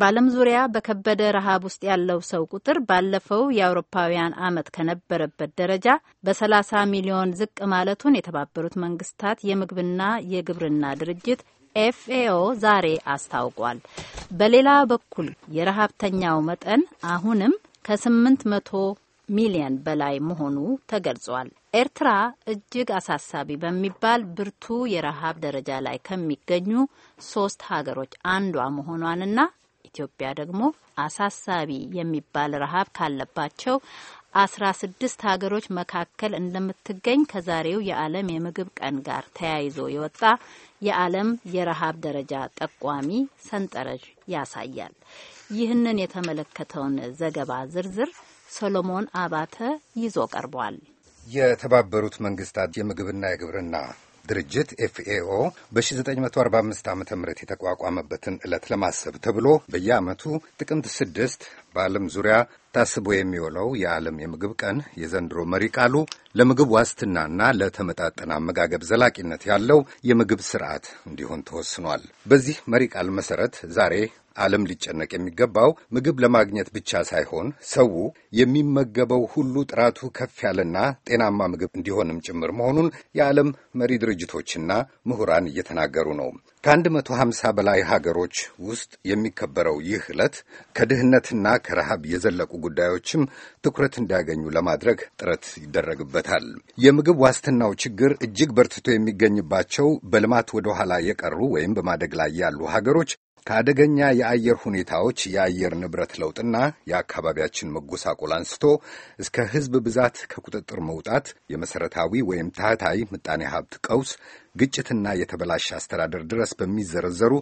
በዓለም ዙሪያ በከበደ ረሃብ ውስጥ ያለው ሰው ቁጥር ባለፈው የአውሮፓውያን ዓመት ከነበረበት ደረጃ በ30 ሚሊዮን ዝቅ ማለቱን የተባበሩት መንግስታት የምግብና የግብርና ድርጅት ኤፍኤኦ ዛሬ አስታውቋል። በሌላ በኩል የረሃብተኛው መጠን አሁንም ከ800 ሚሊዮን በላይ መሆኑ ተገልጿል። ኤርትራ እጅግ አሳሳቢ በሚባል ብርቱ የረሃብ ደረጃ ላይ ከሚገኙ ሶስት ሀገሮች አንዷ መሆኗንና ኢትዮጵያ ደግሞ አሳሳቢ የሚባል ረሃብ ካለባቸው አስራ ስድስት ሀገሮች መካከል እንደምትገኝ ከዛሬው የዓለም የምግብ ቀን ጋር ተያይዞ የወጣ የዓለም የረሃብ ደረጃ ጠቋሚ ሰንጠረዥ ያሳያል። ይህንን የተመለከተውን ዘገባ ዝርዝር ሰሎሞን አባተ ይዞ ቀርቧል። የተባበሩት መንግስታት የምግብና የግብርና ድርጅት ኤፍኤኦ በ1945 ዓ ም የተቋቋመበትን ዕለት ለማሰብ ተብሎ በየዓመቱ ጥቅምት ስድስት በዓለም ዙሪያ ታስቦ የሚውለው የዓለም የምግብ ቀን የዘንድሮ መሪ ቃሉ ለምግብ ዋስትናና ለተመጣጠነ አመጋገብ ዘላቂነት ያለው የምግብ ስርዓት እንዲሆን ተወስኗል። በዚህ መሪ ቃል መሰረት ዛሬ ዓለም ሊጨነቅ የሚገባው ምግብ ለማግኘት ብቻ ሳይሆን ሰው የሚመገበው ሁሉ ጥራቱ ከፍ ያለና ጤናማ ምግብ እንዲሆንም ጭምር መሆኑን የዓለም መሪ ድርጅቶችና ምሁራን እየተናገሩ ነው። ከ150 በላይ ሀገሮች ውስጥ የሚከበረው ይህ ዕለት ከድህነትና ከረሃብ የዘለቁ ጉዳዮችም ትኩረት እንዲያገኙ ለማድረግ ጥረት ይደረግበታል። የምግብ ዋስትናው ችግር እጅግ በርትቶ የሚገኝባቸው በልማት ወደ ኋላ የቀሩ ወይም በማደግ ላይ ያሉ ሀገሮች ከአደገኛ የአየር ሁኔታዎች የአየር ንብረት ለውጥና የአካባቢያችን መጎሳቆል አንስቶ እስከ ሕዝብ ብዛት ከቁጥጥር መውጣት፣ የመሠረታዊ ወይም ታህታይ ምጣኔ ሀብት ቀውስ፣ ግጭትና የተበላሸ አስተዳደር ድረስ በሚዘረዘሩ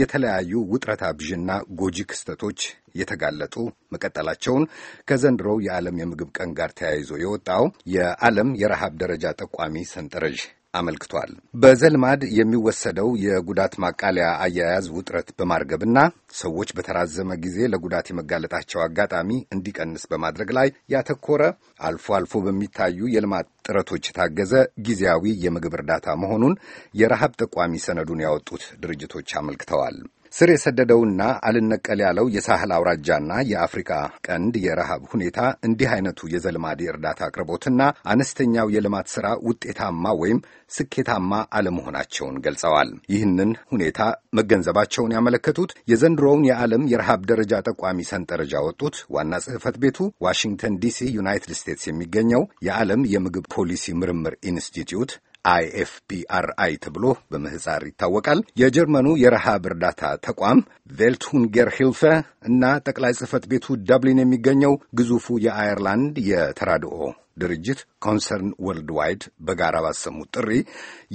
የተለያዩ ውጥረት አብዥና ጎጂ ክስተቶች የተጋለጡ መቀጠላቸውን ከዘንድሮው የዓለም የምግብ ቀን ጋር ተያይዞ የወጣው የዓለም የረሃብ ደረጃ ጠቋሚ ሰንጠረዥ አመልክቷል። በዘልማድ የሚወሰደው የጉዳት ማቃለያ አያያዝ ውጥረት በማርገብና ሰዎች በተራዘመ ጊዜ ለጉዳት የመጋለጣቸው አጋጣሚ እንዲቀንስ በማድረግ ላይ ያተኮረ አልፎ አልፎ በሚታዩ የልማት ጥረቶች የታገዘ ጊዜያዊ የምግብ እርዳታ መሆኑን የረሃብ ጠቋሚ ሰነዱን ያወጡት ድርጅቶች አመልክተዋል። ስር የሰደደውና አልነቀል ያለው የሳህል አውራጃና የአፍሪካ ቀንድ የረሃብ ሁኔታ እንዲህ አይነቱ የዘልማድ እርዳታ አቅርቦትና አነስተኛው የልማት ሥራ ውጤታማ ወይም ስኬታማ አለመሆናቸውን ገልጸዋል። ይህንን ሁኔታ መገንዘባቸውን ያመለከቱት የዘንድሮውን የዓለም የረሃብ ደረጃ ጠቋሚ ሰንጠረዥ ያወጡት ዋና ጽሕፈት ቤቱ ዋሽንግተን ዲሲ ዩናይትድ ስቴትስ የሚገኘው የዓለም የምግብ ፖሊሲ ምርምር ኢንስቲትዩት አይኤፍፒአርአይ ተብሎ በምህፃር ይታወቃል። የጀርመኑ የረሃብ እርዳታ ተቋም ቬልትሁንጌር ሂልፈ እና ጠቅላይ ጽህፈት ቤቱ ደብሊን የሚገኘው ግዙፉ የአየርላንድ የተራድኦ ድርጅት ኮንሰርን ወርልድ ዋይድ በጋራ ባሰሙት ጥሪ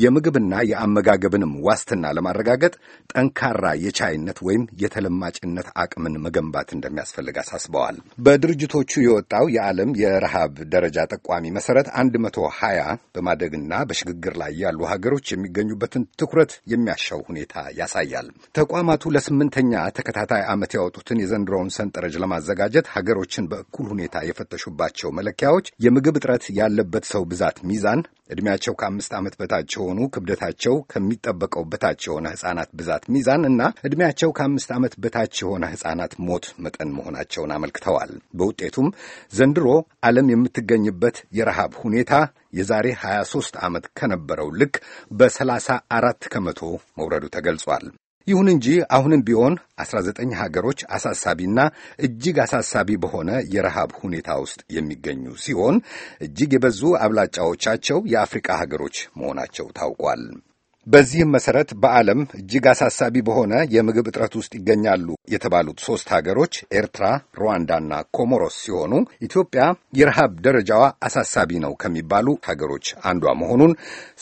የምግብና የአመጋገብንም ዋስትና ለማረጋገጥ ጠንካራ የቻይነት ወይም የተለማጭነት አቅምን መገንባት እንደሚያስፈልግ አሳስበዋል። በድርጅቶቹ የወጣው የዓለም የረሃብ ደረጃ ጠቋሚ መሰረት 120 በማደግና በሽግግር ላይ ያሉ ሀገሮች የሚገኙበትን ትኩረት የሚያሻው ሁኔታ ያሳያል። ተቋማቱ ለስምንተኛ ተከታታይ ዓመት ያወጡትን የዘንድሮውን ሰንጠረዥ ለማዘጋጀት ሀገሮችን በእኩል ሁኔታ የፈተሹባቸው መለኪያዎች የምግብ የምግብ እጥረት ያለበት ሰው ብዛት ሚዛን ዕድሜያቸው ከአምስት ዓመት በታች የሆኑ ክብደታቸው ከሚጠበቀው በታች የሆነ ሕፃናት ብዛት ሚዛን እና ዕድሜያቸው ከአምስት ዓመት በታች የሆነ ሕፃናት ሞት መጠን መሆናቸውን አመልክተዋል። በውጤቱም ዘንድሮ ዓለም የምትገኝበት የረሃብ ሁኔታ የዛሬ 23 ዓመት ከነበረው ልክ በ34 ከመቶ መውረዱ ተገልጿል። ይሁን እንጂ አሁንም ቢሆን 19 ሀገሮች አሳሳቢና እጅግ አሳሳቢ በሆነ የረሃብ ሁኔታ ውስጥ የሚገኙ ሲሆን እጅግ የበዙ አብላጫዎቻቸው የአፍሪቃ ሀገሮች መሆናቸው ታውቋል። በዚህም መሰረት በዓለም እጅግ አሳሳቢ በሆነ የምግብ እጥረት ውስጥ ይገኛሉ የተባሉት ሦስት ሀገሮች ኤርትራ፣ ሩዋንዳና ኮሞሮስ ሲሆኑ ኢትዮጵያ የረሃብ ደረጃዋ አሳሳቢ ነው ከሚባሉ ሀገሮች አንዷ መሆኑን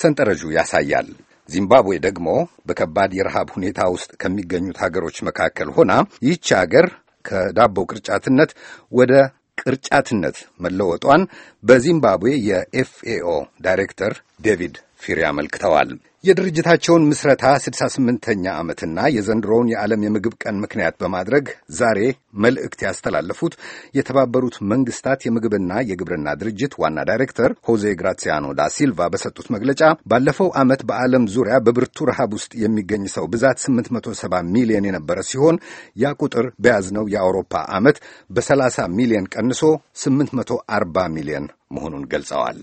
ሰንጠረዡ ያሳያል። ዚምባብዌ ደግሞ በከባድ የረሃብ ሁኔታ ውስጥ ከሚገኙት ሀገሮች መካከል ሆና ይህች ሀገር ከዳቦ ቅርጫትነት ወደ ቅርጫትነት መለወጧን በዚምባብዌ የኤፍኤኦ ዳይሬክተር ዴቪድ ፊሪ አመልክተዋል። የድርጅታቸውን ምስረታ 68ኛ ዓመትና የዘንድሮውን የዓለም የምግብ ቀን ምክንያት በማድረግ ዛሬ መልእክት ያስተላለፉት የተባበሩት መንግስታት የምግብና የግብርና ድርጅት ዋና ዳይሬክተር ሆዜ ግራሲያኖ ዳ ሲልቫ በሰጡት መግለጫ ባለፈው ዓመት በዓለም ዙሪያ በብርቱ ረሃብ ውስጥ የሚገኝ ሰው ብዛት 870 ሚሊዮን የነበረ ሲሆን ያ ቁጥር በያዝነው የአውሮፓ ዓመት በ30 ሚሊዮን ቀንሶ 840 ሚሊዮን መሆኑን ገልጸዋል።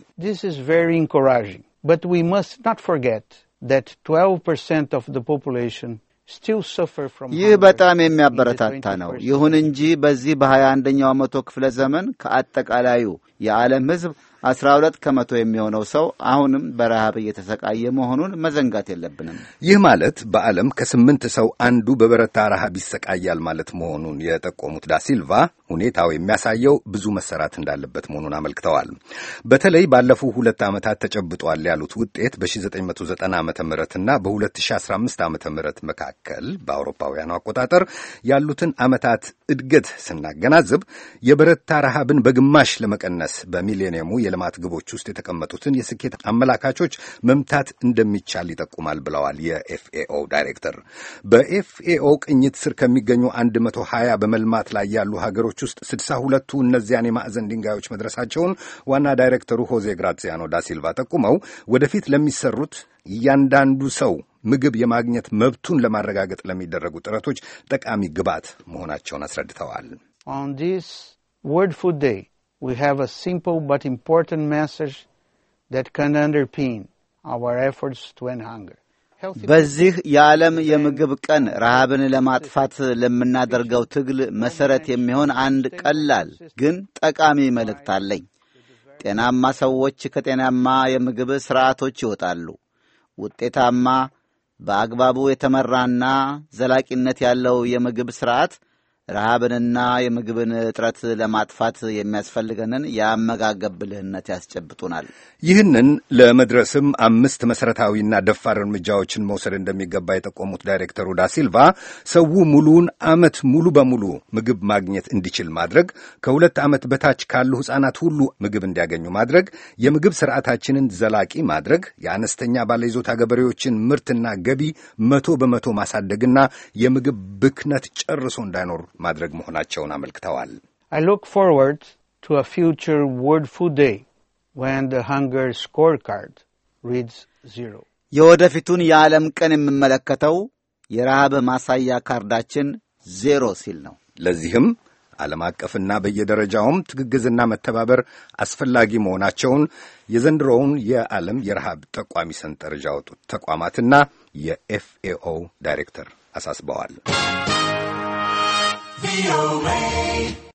ይህ በጣም የሚያበረታታ ነው። ይሁን እንጂ በዚህ በ21ኛው መቶ ክፍለ ዘመን ከአጠቃላዩ የዓለም ሕዝብ 12 ከመቶ የሚሆነው ሰው አሁንም በረሃብ እየተሰቃየ መሆኑን መዘንጋት የለብንም። ይህ ማለት በዓለም ከስምንት ሰው አንዱ በበረታ ረሃብ ይሰቃያል ማለት መሆኑን የጠቆሙት ዳሲልቫ ሁኔታው የሚያሳየው ብዙ መሰራት እንዳለበት መሆኑን አመልክተዋል። በተለይ ባለፉ ሁለት ዓመታት ተጨብጧል ያሉት ውጤት በ1990 ዓ ምና በ2015 ዓ ም መካከል በአውሮፓውያኑ አቆጣጠር ያሉትን ዓመታት እድገት ስናገናዝብ የበረታ ረሃብን በግማሽ ለመቀነስ በሚሌኒየሙ የልማት ግቦች ውስጥ የተቀመጡትን የስኬት አመላካቾች መምታት እንደሚቻል ይጠቁማል ብለዋል የኤፍኤኦ ዳይሬክተር። በኤፍኤኦ ቅኝት ስር ከሚገኙ 120 በመልማት ላይ ያሉ ሀገሮች ውስጥ ስድሳ ሁለቱ እነዚያን የማዕዘን ድንጋዮች መድረሳቸውን ዋና ዳይሬክተሩ ሆዜ ግራሲያኖ ዳሲልቫ ጠቁመው ወደፊት ለሚሰሩት እያንዳንዱ ሰው ምግብ የማግኘት መብቱን ለማረጋገጥ ለሚደረጉ ጥረቶች ጠቃሚ ግብዓት መሆናቸውን አስረድተዋል። we have a simple but important message that can underpin our efforts to end hunger. በዚህ የዓለም የምግብ ቀን ረሃብን ለማጥፋት ለምናደርገው ትግል መሠረት የሚሆን አንድ ቀላል ግን ጠቃሚ መልእክት አለኝ። ጤናማ ሰዎች ከጤናማ የምግብ ሥርዓቶች ይወጣሉ። ውጤታማ፣ በአግባቡ የተመራና ዘላቂነት ያለው የምግብ ሥርዓት ረሃብንና የምግብን እጥረት ለማጥፋት የሚያስፈልገንን የአመጋገብ ብልህነት ያስጨብጡናል። ይህንን ለመድረስም አምስት መሠረታዊና ደፋር እርምጃዎችን መውሰድ እንደሚገባ የጠቆሙት ዳይሬክተሩ ዳሲልቫ ሰው ሙሉውን ዓመት ሙሉ በሙሉ ምግብ ማግኘት እንዲችል ማድረግ፣ ከሁለት ዓመት በታች ካሉ ሕፃናት ሁሉ ምግብ እንዲያገኙ ማድረግ፣ የምግብ ሥርዓታችንን ዘላቂ ማድረግ፣ የአነስተኛ ባለይዞታ ገበሬዎችን ምርትና ገቢ መቶ በመቶ ማሳደግና የምግብ ብክነት ጨርሶ እንዳይኖር ማድረግ መሆናቸውን አመልክተዋል። የወደፊቱን የዓለም ቀን የምመለከተው የረሃብ ማሳያ ካርዳችን ዜሮ ሲል ነው። ለዚህም ዓለም አቀፍና በየደረጃውም ትግግዝና መተባበር አስፈላጊ መሆናቸውን የዘንድሮውን የዓለም የረሃብ ጠቋሚ ሰንጠረዥ ያወጡት ተቋማትና የኤፍኤኦ ዳይሬክተር አሳስበዋል። Be away.